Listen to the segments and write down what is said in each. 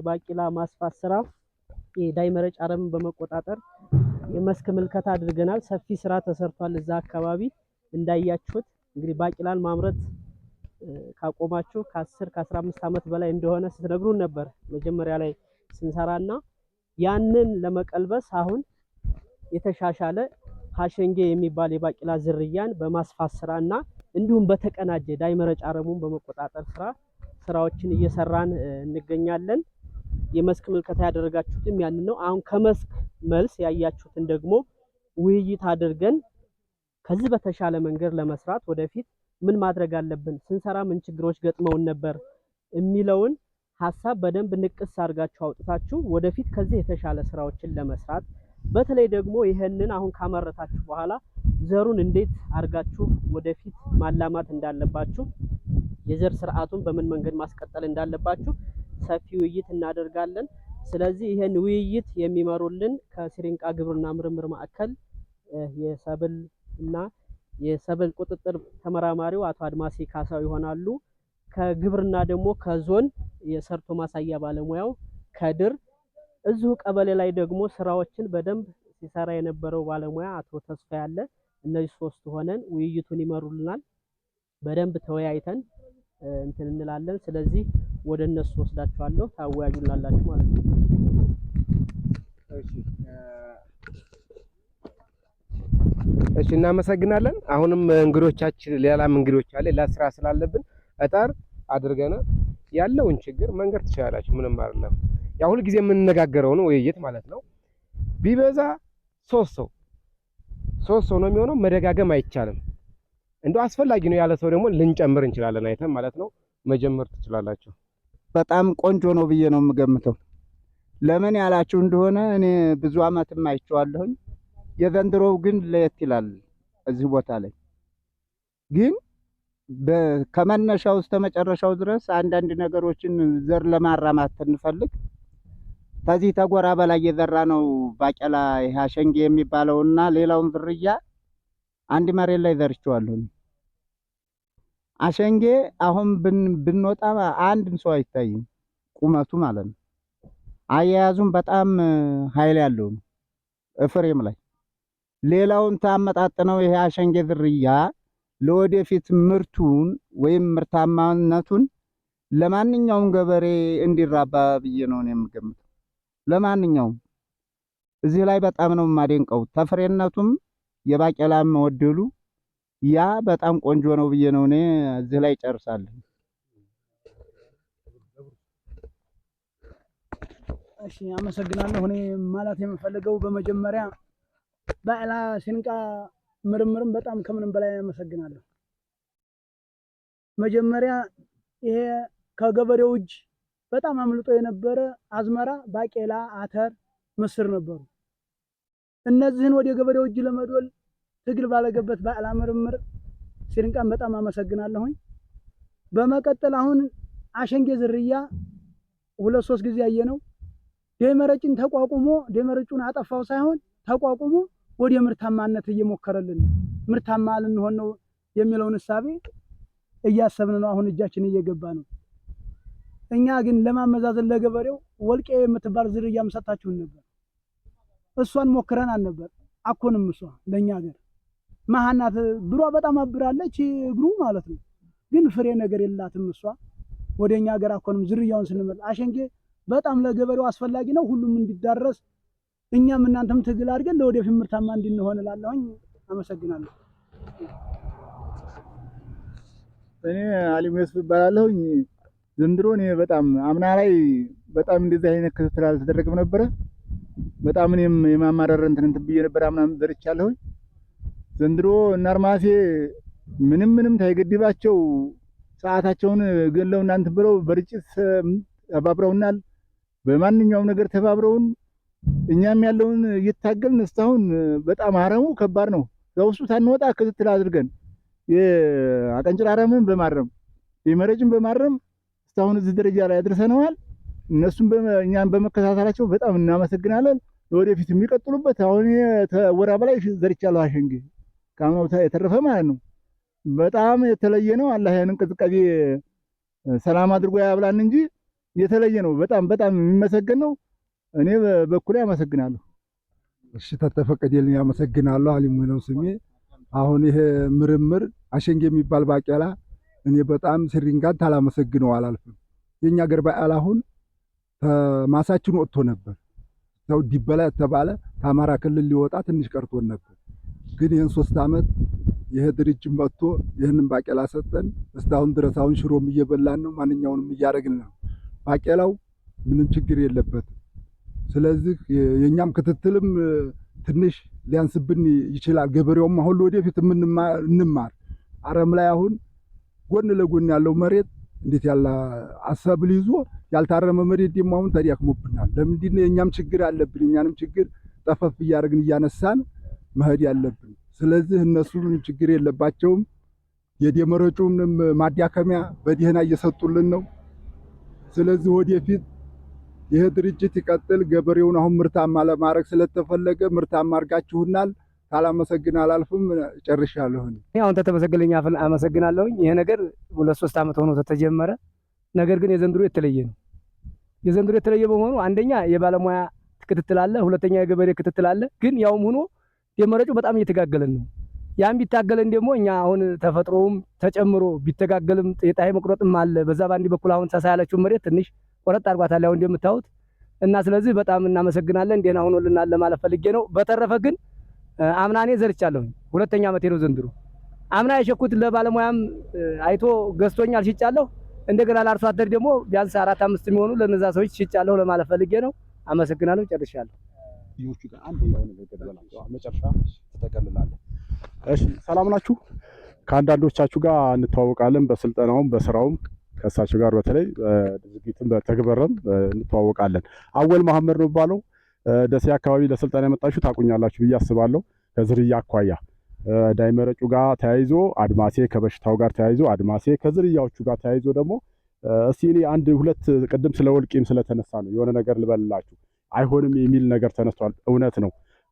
የባቂላ ማስፋት ስራ የዳይ መረጫ አረምን በመቆጣጠር የመስክ ምልከታ አድርገናል። ሰፊ ስራ ተሰርቷል። እዛ አካባቢ እንዳያችሁት እንግዲህ ባቂላን ማምረት ካቆማችሁ ከ10 ከ15 ዓመት በላይ እንደሆነ ስትነግሩን ነበር መጀመሪያ ላይ ስንሰራና ያንን ለመቀልበስ አሁን የተሻሻለ ሀሸንጌ የሚባል የባቂላ ዝርያን በማስፋት ስራና እንዲሁም በተቀናጀ ዳይ መረጫ አረሙን በመቆጣጠር ስራ ስራዎችን እየሰራን እንገኛለን። የመስክ ምልከታ ያደረጋችሁትም ያንን ነው። አሁን ከመስክ መልስ ያያችሁትን ደግሞ ውይይት አድርገን ከዚህ በተሻለ መንገድ ለመስራት ወደፊት ምን ማድረግ አለብን፣ ስንሰራ ምን ችግሮች ገጥመውን ነበር የሚለውን ሀሳብ በደንብ ንቅስ አድርጋችሁ አውጥታችሁ ወደፊት ከዚህ የተሻለ ስራዎችን ለመስራት በተለይ ደግሞ ይህንን አሁን ካመረታችሁ በኋላ ዘሩን እንዴት አድርጋችሁ ወደፊት ማላማት እንዳለባችሁ የዘር ስርዓቱን በምን መንገድ ማስቀጠል እንዳለባችሁ ሰፊ ውይይት እናደርጋለን። ስለዚህ ይህን ውይይት የሚመሩልን ከሲሪንቃ ግብርና ምርምር ማዕከል የሰብል እና የሰብል ቁጥጥር ተመራማሪው አቶ አድማሴ ካሳው ይሆናሉ። ከግብርና ደግሞ ከዞን የሰርቶ ማሳያ ባለሙያው ከድር፣ እዚሁ ቀበሌ ላይ ደግሞ ስራዎችን በደንብ ሲሰራ የነበረው ባለሙያ አቶ ተስፋ ያለ፣ እነዚህ ሶስት ሆነን ውይይቱን ይመሩልናል። በደንብ ተወያይተን እንትን እንላለን። ስለዚህ ወደ እነሱ ወስዳችኋለሁ። ታወያዩናላችሁ ማለት ነው። እሺ፣ እናመሰግናለን። አሁንም እንግዶቻችን ሌላም እንግዶች አለ ሌላ ስራ ስላለብን እጠር አድርገን ያለውን ችግር መንገር ትችላላችሁ። ምንም አይደለም። ያ ሁል ጊዜ የምንነጋገረው ነው ውይይት ማለት ነው። ቢበዛ ሶስት ሰው ሶስት ሰው ነው የሚሆነው። መደጋገም አይቻልም። እንደው አስፈላጊ ነው ያለ ሰው ደግሞ ልንጨምር እንችላለን። አይተን ማለት ነው መጀመር ትችላላችሁ። በጣም ቆንጆ ነው ብዬ ነው የምገምተው። ለምን ያላችሁ እንደሆነ እኔ ብዙ አመትም አይቼዋለሁኝ። የዘንድሮው ግን ለየት ይላል። እዚህ ቦታ ላይ ግን ከመነሻው እስከ መጨረሻው ድረስ አንዳንድ ነገሮችን ዘር ለማራማት እንፈልግ ከዚህ ተጎራ በላይ የዘራ ነው ባቄላ ሸንጌ አሸንጌ የሚባለውና ሌላውን ዝርያ አንድ መሬት ላይ ዘርቼዋለሁ። አሸንጌ አሁን ብንወጣ አንድም ሰው አይታይም። ቁመቱ ማለት ነው። አያያዙም በጣም ኃይል ያለው ነው እፍሬም ላይ ሌላውን ታመጣጥነው ይሄ አሸንጌ ዝርያ ለወደፊት ምርቱን ወይም ምርታማነቱን ለማንኛውም ገበሬ እንዲራባ ብዬ ነው የምገምተው። ለማንኛውም እዚህ ላይ በጣም ነው የማደንቀው ተፍሬነቱም የባቄላ መወደሉ ያ በጣም ቆንጆ ነው ብዬ ነው እኔ እዚህ ላይ ጨርሳለሁ። እሺ አመሰግናለሁ። እኔ ማለት የምፈልገው በመጀመሪያ ባዕላ ሲንቃ ምርምርም በጣም ከምንም በላይ አመሰግናለሁ። መጀመሪያ ይሄ ከገበሬው እጅ በጣም አምልጦ የነበረ አዝመራ ባቄላ፣ አተር፣ ምስር ነበሩ። እነዚህን ወደ ገበሬው እጅ ለመዶል ትግል ባለገበት በዓላ ምርምር ሲሪንቃን በጣም አመሰግናለሁኝ። በመቀጠል አሁን አሸንጌ ዝርያ ሁለት ሶስት ጊዜ ነው። ደመረጭን ተቋቁሞ ደመረጩን አጠፋው ሳይሆን ተቋቁሞ ወደ ምርታማነት እየሞከረልን ምርታማ ልንሆን ነው የሚለውን እሳቤ እያሰብን ነው። አሁን እጃችን እየገባ ነው። እኛ ግን ለማመዛዘን ለገበሬው ወልቄ የምትባል ዝርያም ሰጣችሁን ነበር። እሷን ሞክረናል ነበር አኮንም እሷ ለእኛ ሀገር መሀናት ብሯ በጣም አብራለች እግሩ ማለት ነው። ግን ፍሬ ነገር የላትም እሷ። ወደኛ ሀገር አኮንም ዝርያውን ስንመጣ አሸንጌ በጣም ለገበሬው አስፈላጊ ነው። ሁሉም እንዲዳረስ እኛም እናንተም ትግል አድርገን ለወደፊት ምርታማ እንድንሆን እላለሁኝ። አመሰግናለሁ። እኔ አሊሙ ዩሱፍ እባላለሁኝ። ዘንድሮ እኔ በጣም አምና ላይ በጣም እንደዚህ አይነት ክትትል አልተደረገም ነበረ። በጣም እኔም የማማረር እንትን እንትን ብዬ ነበር። አምናም ዘርቻለሁኝ ዘንድሮ እነ አርማሴ ምንም ምንም ታይገድባቸው ሰዓታቸውን ገለው እናንት ብለው በርጭት ተባብረውናል። በማንኛውም ነገር ተባብረውን እኛም ያለውን እየታገልን እስካሁን በጣም አረሙ ከባድ ነው። ለውሱ ሳንወጣ ክትትል አድርገን የአቀንጭር አረምን በማረም የመረጭን በማረም እስካሁን እዚህ ደረጃ ላይ አድርሰነዋል። እነሱም እኛም በመከታተላቸው በጣም እናመሰግናለን። ወደፊት የሚቀጥሉበት አሁን ወራ በላይ ዘርቻለሁ አሸንጌ ከአምናው የተረፈ ማለት ነው። በጣም የተለየ ነው። አላህ ያን እንቅስቃሴ ሰላም አድርጎ ያብላን እንጂ የተለየ ነው። በጣም በጣም የሚመሰገን ነው። እኔ በኩሌ አመሰግናለሁ። እሺ ተተፈቀደልኝ፣ አመሰግናለሁ። አሊሙ ነው ስሜ። አሁን ይሄ ምርምር አሸንጌ የሚባል ባቄላ እኔ በጣም ስሪንጋን ታላመሰግነው አላልፍም። የኛ ገር ባቄላ አሁን ማሳችን ወጥቶ ነበር ሰው ዲበላ ተባለ ከአማራ ክልል ሊወጣ ትንሽ ቀርቶን ነበር። ግን ይህን ሶስት ዓመት ይህ ድርጅት መጥቶ ይህንን ባቄላ ሰጠን። እስካሁን ድረስ አሁን ሽሮም እየበላን ነው፣ ማንኛውንም እያደረግን ነው። ባቄላው ምንም ችግር የለበትም። ስለዚህ የእኛም ክትትልም ትንሽ ሊያንስብን ይችላል። ገበሬውም አሁን ለወደፊት እንማር አረም ላይ አሁን ጎን ለጎን ያለው መሬት እንዴት ያለ አሰብ ይዞ ያልታረመ መሬት ደግሞ አሁን ተዳክሞብናል። ለምንድን ነው የእኛም ችግር አለብን። እኛንም ችግር ጠፈፍ እያደረግን እያነሳን መሄድ ያለብን። ስለዚህ እነሱ ምንም ችግር የለባቸውም። የደመረጩንም ማዳከሚያ በደህና እየሰጡልን ነው። ስለዚህ ወደፊት ይሄ ድርጅት ይቀጥል። ገበሬውን አሁን ምርታማ ለማድረግ ስለተፈለገ ምርታማ አድርጋችሁናል። ካላመሰግን አላልፍም። ጨርሻለሁ። አሁን ተተመሰገለኝ አመሰግናለሁኝ። ይሄ ነገር ሁለት ሶስት ዓመት ሆኖ ተጀመረ። ነገር ግን የዘንድሮ የተለየ ነው። የዘንድሮ የተለየ በመሆኑ አንደኛ የባለሙያ ክትትል አለ፣ ሁለተኛ የገበሬ ክትትል አለ። ግን ያውም ሆኖ የመረጩ በጣም እየተጋገለን ነው። ያን ቢታገለን ደግሞ እኛ አሁን ተፈጥሮውም ተጨምሮ ቢተጋገልም የፀሐይ መቁረጥም አለ። በዛ ባንዲ በኩል አሁን ሳሳ ያለችውን መሬት ትንሽ ቆረጥ አድርጓታል ያው እንደምታዩት እና ስለዚህ በጣም እናመሰግናለን። ደህና ሆኖልናል ለማለት ፈልጌ ነው። በተረፈ ግን አምናኔ ዘርቻለሁ። ሁለተኛ ዓመቴ ነው ዘንድሮ። አምና የሸኩት ለባለሙያም አይቶ ገዝቶኛል ሽጫለሁ። እንደገና ለአርሶ አደር ደግሞ ቢያንስ አራት አምስት የሚሆኑ ለነዛ ሰዎች ሽጫለሁ ለማለት ፈልጌ ነው። አመሰግናለሁ። ጨርሻለሁ። ከብትዮቹ ጋር አንድ የሆነ ነገር ብለናቸው መጨረሻ ትጠቀልላለህ። እሺ ሰላም ናችሁ። ከአንዳንዶቻችሁ ጋር እንተዋወቃለን። በስልጠናውም በስራውም ከእሳቸው ጋር በተለይ ድርጊትም በተግበረም እንተዋወቃለን። አወል መሐመድ ነው ባለው ደሴ አካባቢ ለስልጠና የመጣችሁ ታቁኛላችሁ ብዬ አስባለሁ። ከዝርያ አኳያ ዳይመረጩ ጋር ተያይዞ አድማሴ ከበሽታው ጋር ተያይዞ አድማሴ ከዝርያዎቹ ጋር ተያይዞ ደግሞ እስቲ እኔ አንድ ሁለት ቅድም ስለ ወልቂም ስለተነሳ ነው የሆነ ነገር ልበልላችሁ። አይሆንም የሚል ነገር ተነስቷል። እውነት ነው።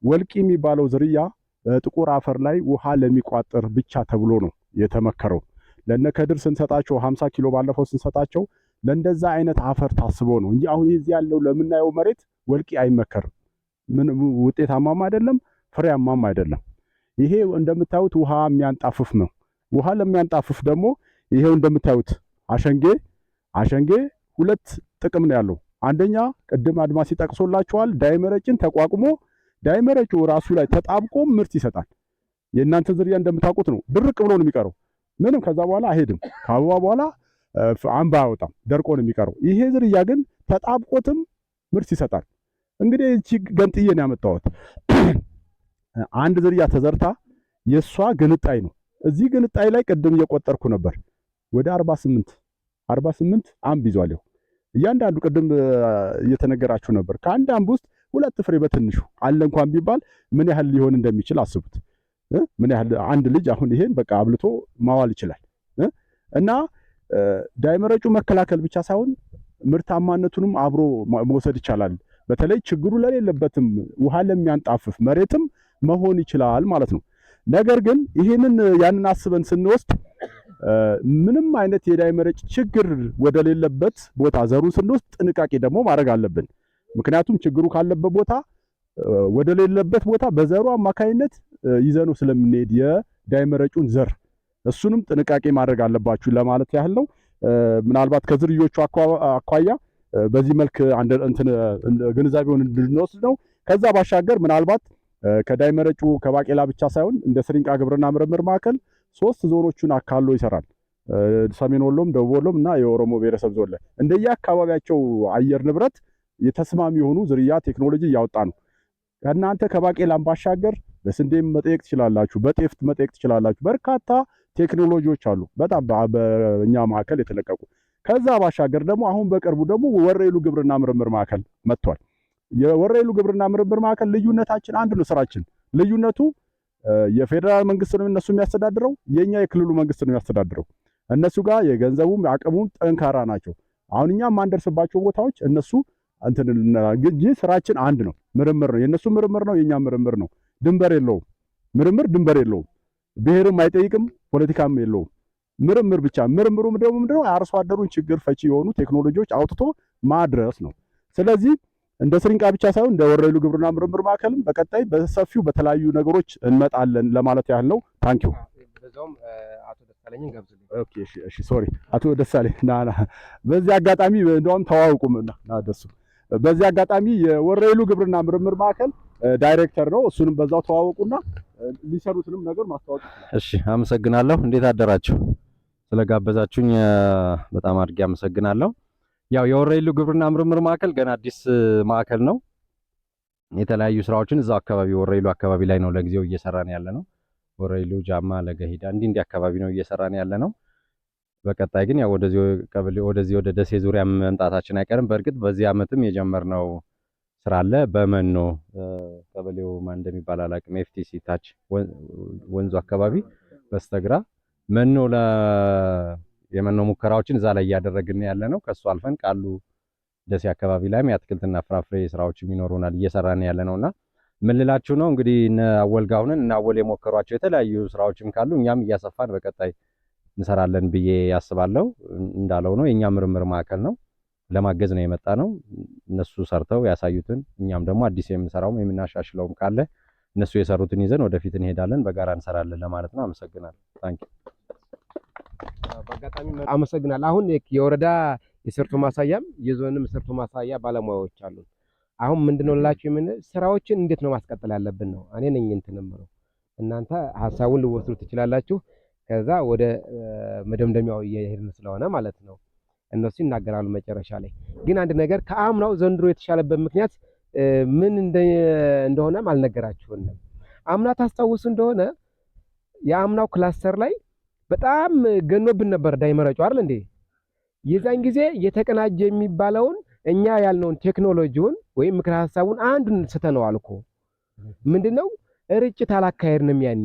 ወልቂ የሚባለው ዝርያ በጥቁር አፈር ላይ ውሃ ለሚቋጥር ብቻ ተብሎ ነው የተመከረው። ለነ ከድር ስንሰጣቸው 50 ኪሎ ባለፈው ስንሰጣቸው ለእንደዛ አይነት አፈር ታስቦ ነው እንጂ አሁን እዚህ ያለው ለምናየው መሬት ወልቂ አይመከርም። ምን ውጤታማም አይደለም፣ ፍሬያማም አይደለም። ይሄ እንደምታዩት ውሃ የሚያንጣፍፍ ነው። ውሃ ለሚያንጣፍፍ ደግሞ ይሄው እንደምታዩት አሸንጌ አሸንጌ ሁለት ጥቅም ነው ያለው አንደኛ ቅድም አድማስ ይጠቅሶላችኋል ዳይመረጭን ተቋቁሞ ዳይመረጩ ራሱ ላይ ተጣብቆ ምርት ይሰጣል። የእናንተ ዝርያ እንደምታውቁት ነው፣ ድርቅ ብሎ ነው የሚቀረው። ምንም ከዛ በኋላ አይሄድም። ከአበባ በኋላ አምባ አያወጣም፣ ደርቆ ነው የሚቀረው። ይሄ ዝርያ ግን ተጣብቆትም ምርት ይሰጣል። እንግዲህ እቺ ገንጥዬ ነው ያመጣሁት። አንድ ዝርያ ተዘርታ የእሷ ግንጣይ ነው። እዚህ ግንጣይ ላይ ቅድም እየቆጠርኩ ነበር ወደ 48 48 አምብ ይዟል። እያንዳንዱ ቅድም እየተነገራችሁ ነበር ከአንድ አምብ ውስጥ ሁለት ፍሬ በትንሹ አለ እንኳን ቢባል ምን ያህል ሊሆን እንደሚችል አስቡት። ምን ያህል አንድ ልጅ አሁን ይሄን በቃ አብልቶ ማዋል ይችላል። እና ዳይመረጩ መከላከል ብቻ ሳይሆን ምርታማነቱንም አብሮ መውሰድ ይቻላል። በተለይ ችግሩ ለሌለበትም ውሃ ለሚያንጣፍፍ መሬትም መሆን ይችላል ማለት ነው። ነገር ግን ይህንን ያንን አስበን ስንወስድ ምንም አይነት የዳይ መረጭ ችግር ወደሌለበት ቦታ ዘሩ ስንወስድ ጥንቃቄ ደግሞ ማድረግ አለብን። ምክንያቱም ችግሩ ካለበት ቦታ ወደሌለበት ቦታ በዘሩ አማካኝነት ይዘኑ ስለምንሄድ የዳይ መረጩን ዘር እሱንም ጥንቃቄ ማድረግ አለባችሁ ለማለት ያህል ነው። ምናልባት ከዝርዮቹ አኳያ በዚህ መልክ ግንዛቤውን እንድንወስድ ነው። ከዛ ባሻገር ምናልባት ከዳይ መረጩ ከባቄላ ብቻ ሳይሆን እንደ ስሪንቃ ግብርና ምርምር ማዕከል ሶስት ዞኖቹን አካሎ ይሰራል። ሰሜን ወሎም፣ ደቡብ ወሎም እና የኦሮሞ ብሔረሰብ ዞን ላይ እንደየ አካባቢያቸው አየር ንብረት የተስማሚ የሆኑ ዝርያ ቴክኖሎጂ እያወጣ ነው። ከእናንተ ከባቄላም ባሻገር በስንዴም መጠየቅ ትችላላችሁ፣ በጤፍት መጠየቅ ትችላላችሁ። በርካታ ቴክኖሎጂዎች አሉ በጣም በእኛ ማዕከል የተለቀቁ። ከዛ ባሻገር ደግሞ አሁን በቅርቡ ደግሞ ወረኢሉ ግብርና ምርምር ማዕከል መጥቷል። የወረኢሉ ግብርና ምርምር ማዕከል ልዩነታችን አንድ ነው። ስራችን ልዩነቱ የፌዴራል መንግስት ነው እነሱ የሚያስተዳድረው፣ የኛ የክልሉ መንግስት ነው የሚያስተዳድረው። እነሱ ጋር የገንዘቡም አቅሙም ጠንካራ ናቸው። አሁን እኛ የማንደርስባቸው ቦታዎች እነሱ እንትን እንጂ ስራችን አንድ ነው። ምርምር ነው፣ የእነሱ ምርምር ነው፣ የኛ ምርምር ነው። ድንበር የለውም ምርምር፣ ድንበር የለውም፣ ብሔርም አይጠይቅም፣ ፖለቲካም የለውም። ምርምር ብቻ ምርምሩም ደግሞ ምንድነው አርሶ አደሩን ችግር ፈቺ የሆኑ ቴክኖሎጂዎች አውጥቶ ማድረስ ነው። ስለዚህ እንደ ስሪንቃ ብቻ ሳይሆን እንደ ወረኢሉ ግብርና ምርምር ማዕከልም በቀጣይ በሰፊው በተለያዩ ነገሮች እንመጣለን ለማለት ያህል ነው። ታንኪዩ አቶ ደሳለኝ ና ና በዚህ አጋጣሚ እንደውም ተዋውቁም ና ደሱ በዚህ አጋጣሚ የወረኢሉ ግብርና ምርምር ማዕከል ዳይሬክተር ነው። እሱንም በዛው ተዋወቁና ሊሰሩትንም ነገር ማስተዋወቅ። እሺ አመሰግናለሁ። እንዴት አደራችሁ? ስለጋበዛችሁኝ በጣም አድርጌ አመሰግናለሁ። ያው የወረኢሉ ግብርና ምርምር ማዕከል ገና አዲስ ማዕከል ነው። የተለያዩ ስራዎችን እዛው አካባቢ ወረኢሉ አካባቢ ላይ ነው ለጊዜው እየሰራን ያለ ነው። ወረኢሉ፣ ጃማ፣ ለገሂዳ እንዲህ እንዲህ አካባቢ ነው እየሰራን ያለ ነው። በቀጣይ ግን ያው ወደዚህ ቀበሌ ወደዚህ ወደ ደሴ ዙሪያ መምጣታችን አይቀርም። በእርግጥ በዚህ አመትም የጀመርነው ስራ አለ። በመኖ ቀበሌው ማን እንደሚባል አላውቅም። ኤፍቲሲ ታች ወንዙ አካባቢ በስተግራ መኖ የመኖ ሙከራዎችን እዛ ላይ እያደረግን ያለ ነው። ከሱ አልፈን ቃሉ ደሴ አካባቢ ላይም የአትክልትና ፍራፍሬ ስራዎች ይኖሩናል እየሰራን ያለ ነው እና ምንላችሁ ነው እንግዲህ እነ አወል እነ አወል የሞከሯቸው የተለያዩ ስራዎችም ካሉ እኛም እያሰፋን በቀጣይ እንሰራለን ብዬ ያስባለሁ። እንዳለው ነው የእኛ ምርምር ማዕከል ነው፣ ለማገዝ ነው የመጣ ነው። እነሱ ሰርተው ያሳዩትን እኛም ደግሞ አዲስ የምንሰራውም የምናሻሽለውም ካለ እነሱ የሰሩትን ይዘን ወደፊት እንሄዳለን፣ በጋራ እንሰራለን ለማለት ነው። አመሰግናለሁ። በአጋጣሚ አመሰግናል። አሁን የወረዳ የሰርቶ ማሳያም የዞንም ሰርቶ ማሳያ ባለሙያዎች አሉ። አሁን ምንድነው ላችሁ የምን ስራዎችን እንዴት ነው ማስቀጠል ያለብን ነው። እኔ ነኝ እንትን የምለው እናንተ ሀሳቡን ልወስዱ ትችላላችሁ። ከዛ ወደ መደምደሚያው እየሄድን ስለሆነ ማለት ነው እነሱ ይናገራሉ። መጨረሻ ላይ ግን አንድ ነገር ከአምናው ዘንድሮ የተሻለበት ምክንያት ምን እንደሆነም አልነገራችሁንም። አምና ታስታውሱ እንደሆነ የአምናው ክላስተር ላይ በጣም ገኖብን ነበር። ዳይመረጩ አይደል እንዴ? የዛን ጊዜ የተቀናጀ የሚባለውን እኛ ያልነውን ቴክኖሎጂውን ወይም ምክረ ሀሳቡን አንዱን ስተነዋል እኮ ምንድን ነው ርጭት አላካሄድንም። ያኔ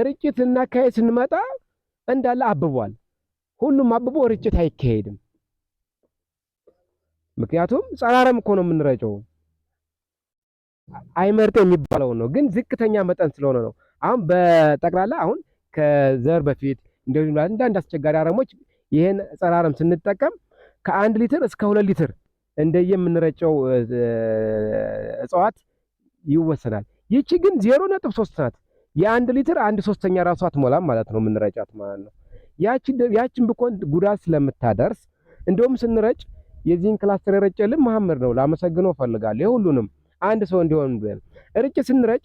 እርጭት ልናካሄድ ስንመጣ እንዳለ አብቧል። ሁሉም አብቦ እርጭት አይካሄድም። ምክንያቱም ጸራረም እኮ ነው የምንረጨው። አይመርጥ የሚባለውን ነው ግን ዝቅተኛ መጠን ስለሆነ ነው። አሁን በጠቅላላ አሁን ከዘር በፊት እንደዚሁም አንዳንድ አስቸጋሪ አረሞች ይህን ጸረ አረም ስንጠቀም ከአንድ ሊትር እስከ ሁለት ሊትር እንደየምንረጨው እጽዋት ይወሰናል። ይቺ ግን ዜሮ ነጥብ ሶስት ናት። የአንድ ሊትር አንድ ሶስተኛ ራሷ አትሞላም ማለት ነው የምንረጫት ማለት ነው። ያችን ብኮን ጉዳት ስለምታደርስ እንደውም ስንረጭ የዚህን ክላስተር የረጨልን መሐመድ ነው ላመሰግነው እፈልጋለሁ። የሁሉንም አንድ ሰው እንዲሆን ርጭ ስንረጭ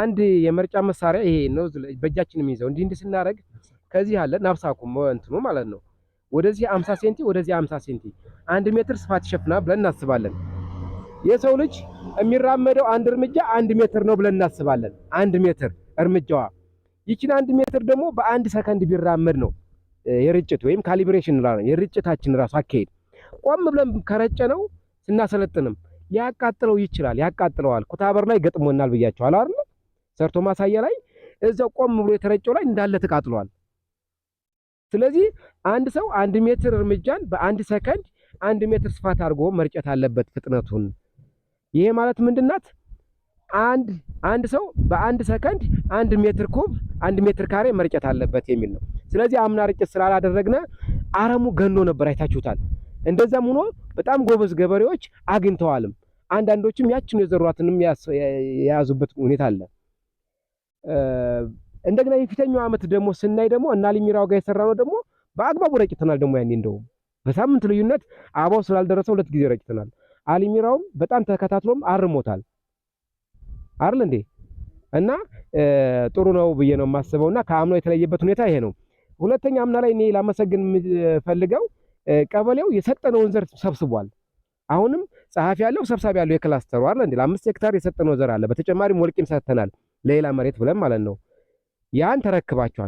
አንድ የመርጫ መሳሪያ ይሄ ነው በእጃችን የሚይዘው እንዲህ እንዲህ ስናደርግ ከዚህ አለ ናብሳኩ እንትኑ ማለት ነው ወደዚህ 50 ሴንቲ ወደዚህ 50 ሴንቲ አንድ ሜትር ስፋት ይሸፍናል ብለን እናስባለን። የሰው ልጅ የሚራመደው አንድ እርምጃ አንድ ሜትር ነው ብለን እናስባለን። አንድ ሜትር እርምጃዋ ይችን አንድ ሜትር ደግሞ በአንድ ሰከንድ ቢራመድ ነው የርጭት ወይም ካሊብሬሽን እንላለን። የርጭታችን ራሱ አካሄድ ቆም ብለን ከረጨ ነው ስናሰለጥንም ሊያቃጥለው ይችላል፣ ያቃጥለዋል። ኩታበር ላይ ገጥሞናል ብያቸዋል አይደል? ሰርቶ ማሳያ ላይ እዛው ቆም ብሎ የተረጨው ላይ እንዳለ ተቃጥሏል። ስለዚህ አንድ ሰው አንድ ሜትር እርምጃን በአንድ ሰከንድ አንድ ሜትር ስፋት አድርጎ መርጨት አለበት ፍጥነቱን። ይሄ ማለት ምንድናት? አንድ አንድ ሰው በአንድ ሰከንድ አንድ ሜትር ኩብ አንድ ሜትር ካሬ መርጨት አለበት የሚል ነው። ስለዚህ አምና ርጭት ስላላደረግነ አረሙ ገኖ ነበር፣ አይታችሁታል። እንደዛም ሆኖ በጣም ጎበዝ ገበሬዎች አግኝተዋልም። አንዳንዶችም ያችን የዘሯትንም የያዙበት ሁኔታ አለ። እንደገና የፊተኛው ዓመት ደግሞ ስናይ ደግሞ እና ሊሚራው ጋር የሰራነው ደግሞ በአግባቡ ረጭተናል። ደግሞ ያኔ እንደውም በሳምንት ልዩነት አበባው ስላልደረሰ ሁለት ጊዜ ረጭተናል። አሊሚራውም በጣም ተከታትሎም አርሞታል አይደል እንዴ? እና ጥሩ ነው ብዬ ነው የማስበው። እና ከአምናው የተለየበት ሁኔታ ይሄ ነው። ሁለተኛ አምና ላይ እኔ ላመሰግን ፈልገው ቀበሌው የሰጠነውን ዘር ሰብስቧል። አሁንም ጸሐፊ ያለው ሰብሳቢ ያለው የክላስተሩ አይደል እንዴ? ለአምስት ሄክታር የሰጠነው ዘር አለ። በተጨማሪም ወልቂም ሰጥተናል። ሌላ መሬት ብለን ማለት ነው። ያን ተረክባቸዋል።